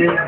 Gracias.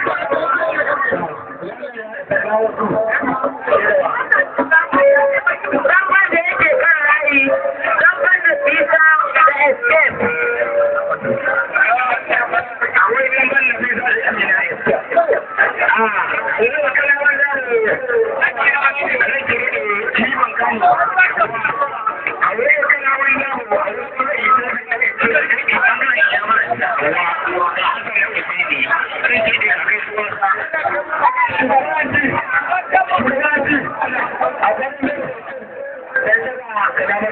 O geldi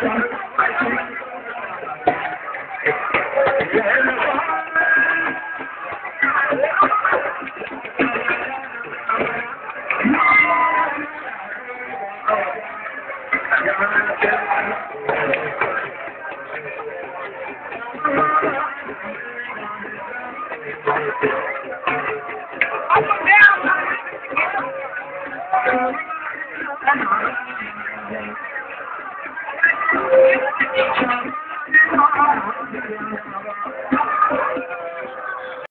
I'm down. Thank you.